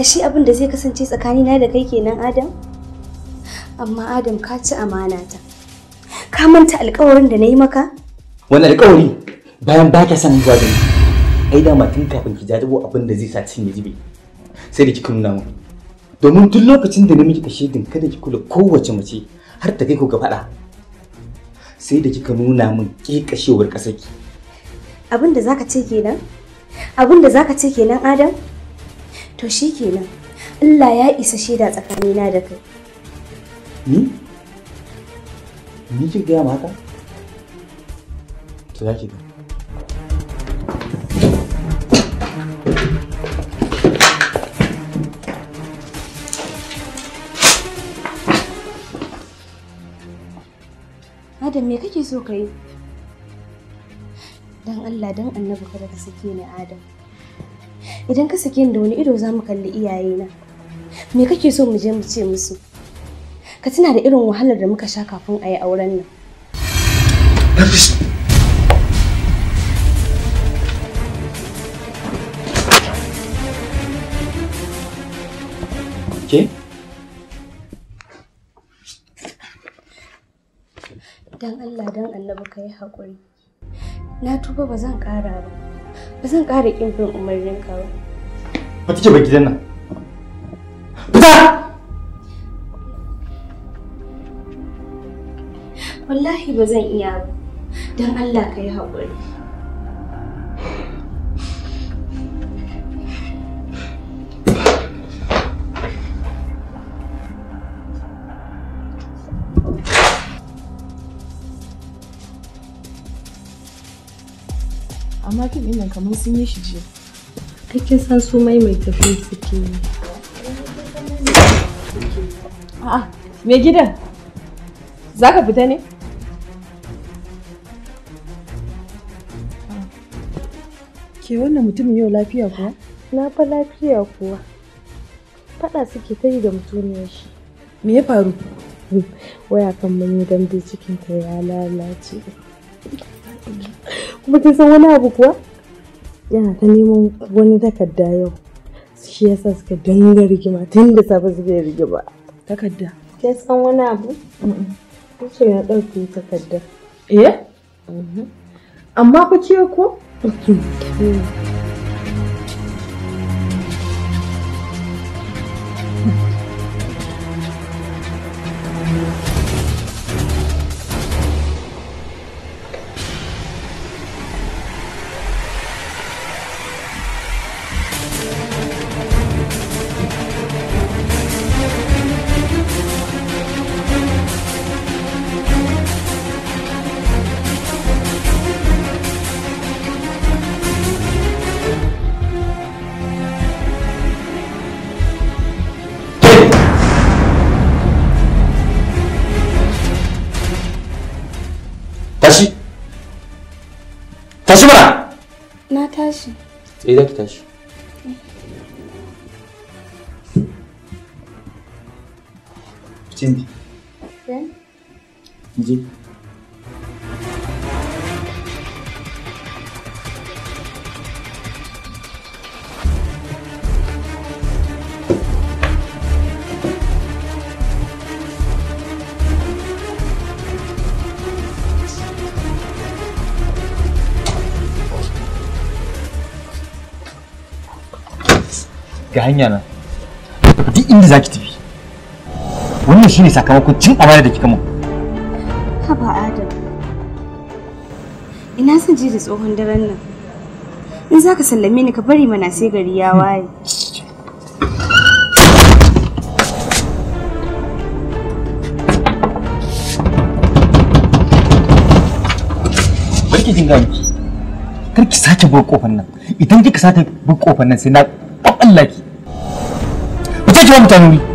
ashe abin da zai kasance tsakanina da kai kenan adam amma adam ka ci ta. ka manta alkawarin da na yi maka wani alkawari bayan ba ka san zuwa gani ai da tun kafin ki jajabo abin da zai sa ya jibi sai da kika nuna mu domin duk lokacin da namiji ka shaidin kada ki kula kowace mace har ta kai ku ga faɗa sai da kika nuna min ƙiƙashewar ƙasar ki abin da zaka ce kenan abin da zaka ce kenan adam to shi kenan Allah ya isa shaida tsakanina da kai ni ni ki gaya mata haka to zaki ga Adam me kake so ka Dan Allah dan annabi kada ka sake ni Adam. Idan ka sake ni da wani ido za mu kalli na Me kake so mu je mu ce musu? Ka tuna da irin wahalar da muka sha kafin a yi auren nan. dan Allah dan annabi ka yi haƙuri na tuba ba zan ƙara ba ba zan ƙara ƙin bin ba ba take ba gidan nan fita wallahi ba zan iya ba dan Allah ka yi haƙuri amma kin ɗin nan kamar sun yi shi jiya kake san su mai mai tafi suke yi a'a me gidan za ka fita ne ke wannan mutumin yau lafiya kuwa na fa lafiya kuwa faɗa suke ta yi da mutumiyar shi me ya faru waya kan mun yi dambe cikin ta ya lalace kuma ke san wani abu kuwa yana ta neman wani takarda yau shi yasa suka dinga rigima tun da safe suke rigima takarda ke san wani abu ce na ɗauke takarda eh mhm. amma ku ke ko mm. tashi mana na tashi eh ki tashi Cindy. ga hanya nan duk inda zaki tafi wannan shine sakamakon cin amana da kika mun haba adam ina son ji da tsohon daren nan in zaka sallame ni ka bari mana sai gari ya waye Barki jin gami. Kar ki sake bar kofar nan. Idan kika sake bar kofar nan sai na kwakwalla Jonathan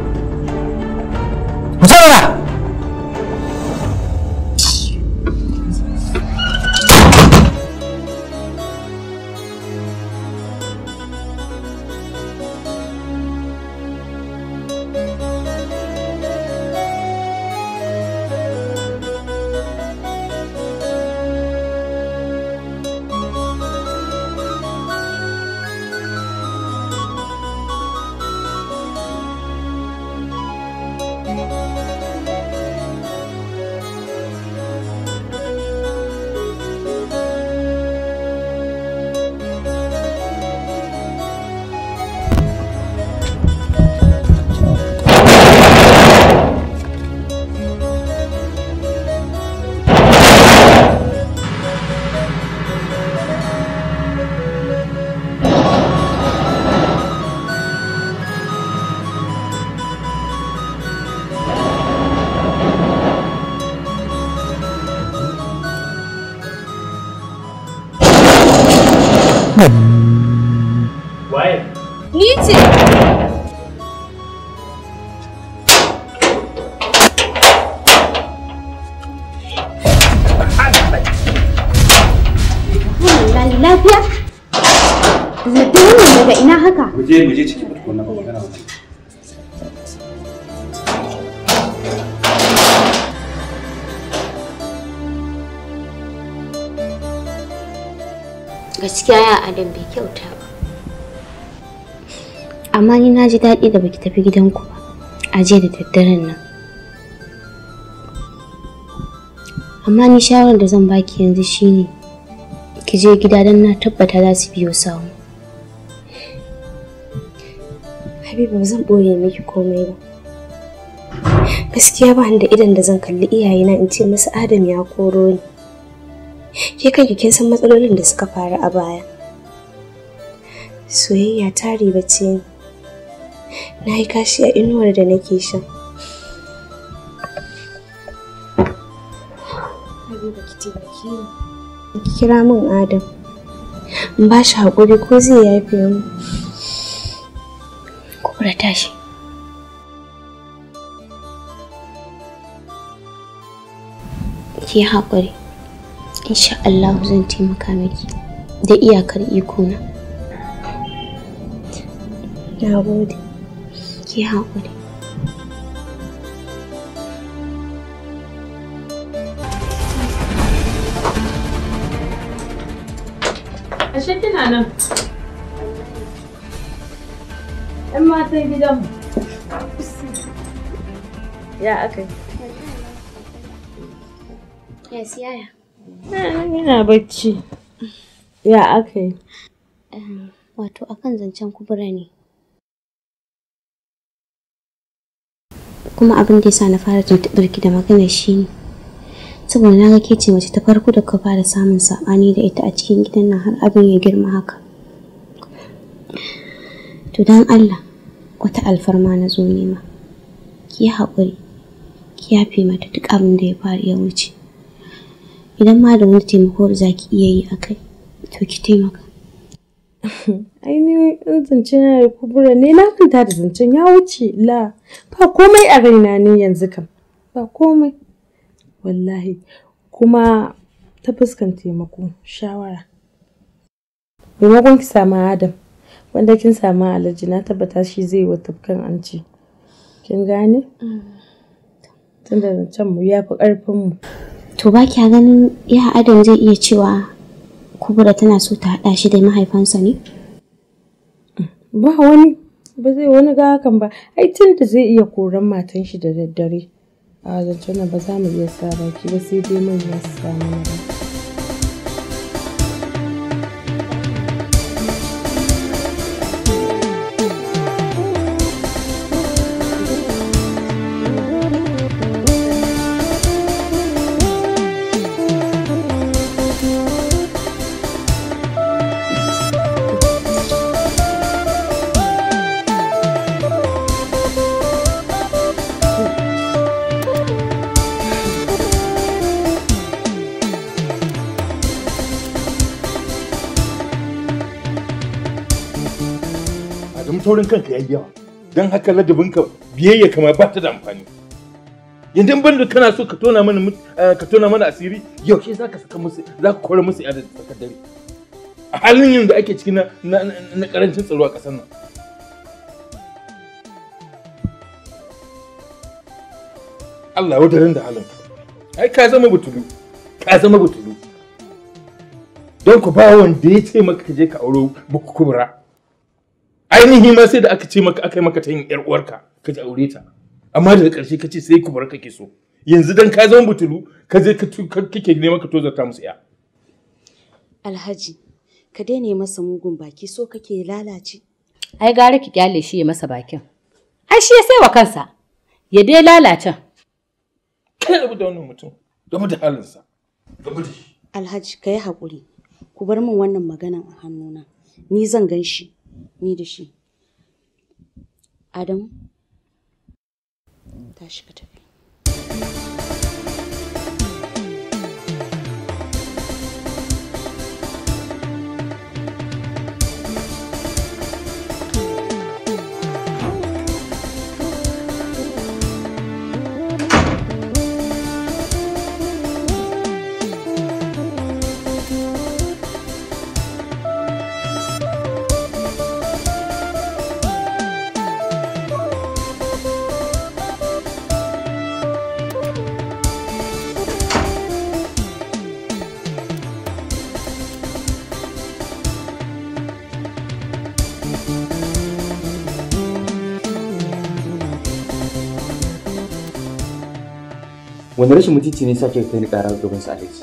amma ni na ji daɗi da baki tafi gidanku ba a jiya da daddaren nan amma ni shawarar da zan baki yanzu shine ki je gida don na tabbata za su biyo samu habiba ba zan ɓoye miki komai ba gaskiya ba da idan da zan kalli iyayena in ce musu adam ya koro ni ke kanki kin san matsalolin da suka faru a baya soyayya ta riba ce ni na yi kashi a inuwar da nake shan ki kira min adam in ba shi haƙuri ko zai yafe mu kubra tashi ki haƙuri insha Allah zan taimaka miki da iyakar ikona na gode ki haƙuri ashe kina nan ‘yan matan gidanmu ya aka yi yes yaya ina bacci ya aka yi wato akan zancen kubura ne kuma abin da yasa na fara tuntuɓar ki da magana shi ne saboda na ga ke ce mace ta farko da ka fara samun saɓani da ita a cikin gidan nan har abin ya girma haka to dan Allah wata alfarma na zo nema ki yi haƙuri ki yafe mata duk abin da ya fara ya wuce idan ma da wani taimako zaki za ki iya yi a kai to ki taimaka [LAUGHS] ainihin zancen yaya kubura ne na manta da zancen ya wuce la ba komai a raina ne yanzu kam ba komai wallahi kuma ta fuskan taimako shawara maimakon ki samu adam wanda kin samu alaji na tabbata shi zai yi wa tafkan an ce kin gane tunda zancen mu ya fi karfin mu to ba kya ganin ya adam zai iya cewa kubura tana so ta haɗa shi da mahaifansa ne ba wani ba zai wani ga hakan ba ai tun da zai iya koran matan shi da daddare a zancen ba za mu iya sa baki ba sai dai mun ya mana ba taurin kanka ya yi yawa don haka ladabinka biyayya kamar ba ta da amfani yanzu ban da kana so ka tona mana eh, ka tona mana asiri yau shi zaka saka musu zaka kore musu yadda saka dare a halin yanzu ake ciki na na karancin tsaro a kasar nan Allah wata da halin ai ka zama butulu ka zama butulu don ku ba wanda ya ce maka ka je ka auro buku kubra ainihi ma sai da aka ce maka aka yi maka ta yin yar uwarka ka ji aure ta amma daga ƙarshe ka ce sai ku bar kake so yanzu dan ka zama butulu ka je ka kike maka ka tozarta musu ya alhaji ka daina masa mugun baki so kake lalace ai gara ki kyale shi ya masa bakin ai shi ya sai wa kansa ya dai lalace kai abu da wannan mutum game da halinsa game da shi alhaji ka yi haƙuri ku bar min wannan maganan a hannuna ni zan gan shi ni da shi adam tashi ka tafi wani rashin mutunci ne sake kai ni ƙara gaban su Alex?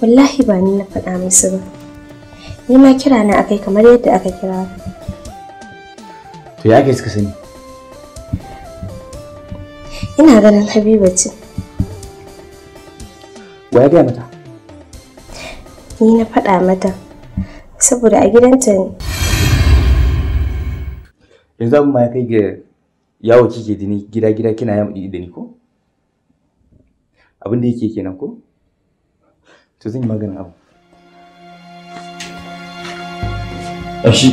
Wallahi ba ni na faɗa musu ba. Ni ma kira na akai kamar yadda aka kira. To ya kai suka sani? Ina ganin Habiba ce. Wa ya gaya mata? Ni na faɗa mata. Saboda a gidanta ne. Yanzu abin ma ya kai ga yawo kike da ni gida gida kina yawo da ni ko abin da yake kenan ko to zan yi magana abu Ashi.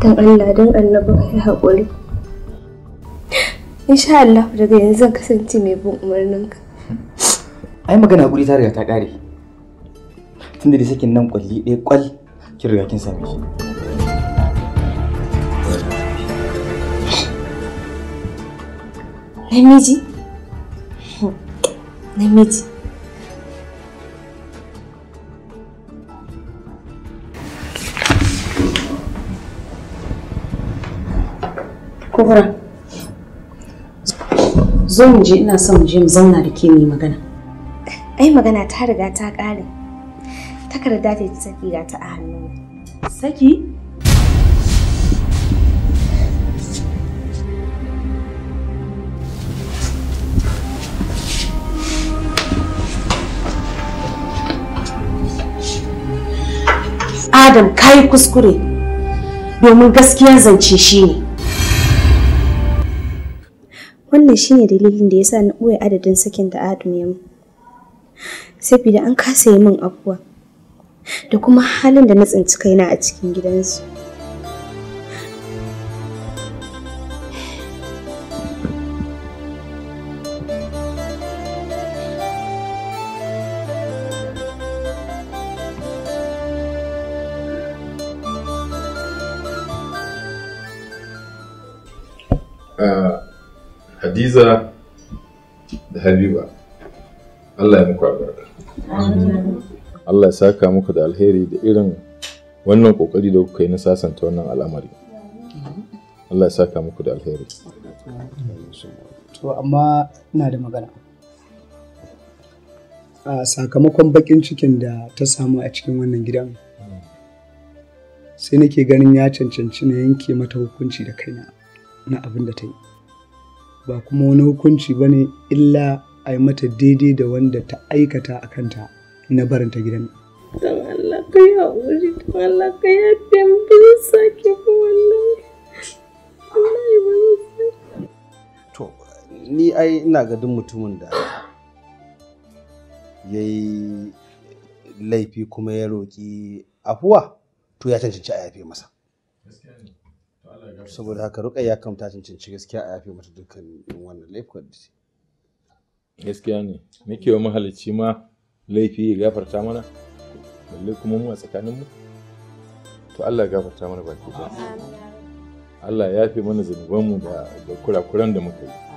Dan Allah don annabi ka ya haƙuri. Insha Allah daga yanzu zan kasance mai bin umarninka. Ai magana haƙuri ta riga ta ƙare. tunda da sakin nan kwalli ɗaya kwal kin riga kin same shi namiji namiji kubra zo mu je ina son mu je mu zauna da ke mai magana ai magana ta riga ta ƙare takarda da ta saki ga ta a hannu. Saki? Adam kayi kuskure domin gaskiyar zance shi ne. Wannan shine dalilin da ya sa na ɓoye adadin sakin da Adam ya mu. Sabida an kasa yi min akuwa. da kuma halin da na tsinci kaina a cikin gidansu. Ah, Hadiza da Habiba, Allah ya muku albarka. Allah ya saka muku da alheri da irin wannan kokari da kuka yi na sasanta wannan al'amari Allah ya saka muku da alheri to amma ina da magana a sakamakon bakin cikin da ta samu a cikin wannan gidan sai nake ganin ya cancanci na yanke mata hukunci da kaina na abin da ta yi ba kuma wani hukunci ba ne illa a yi mata daidai da wanda ta aikata a kanta na ta gidan don Allah ka yi haƙuri don Allah ka yi haɗin ba zan sake ba ba to ni ai ina ga duk mutumin da ya yi laifi kuma ya roƙi afuwa to ya cancanci a yafe masa saboda haka ruka ya kamta cancanci gaskiya a yafe mata dukkan wannan laifin. gaskiya ne nake wa mahalicci ma laifi ya gafarta mana balle kuma mu a tsakaninmu to Allah ya gafarta mana baki ɗaya Allah ya fi mana zunubanmu da kurakuran da muka yi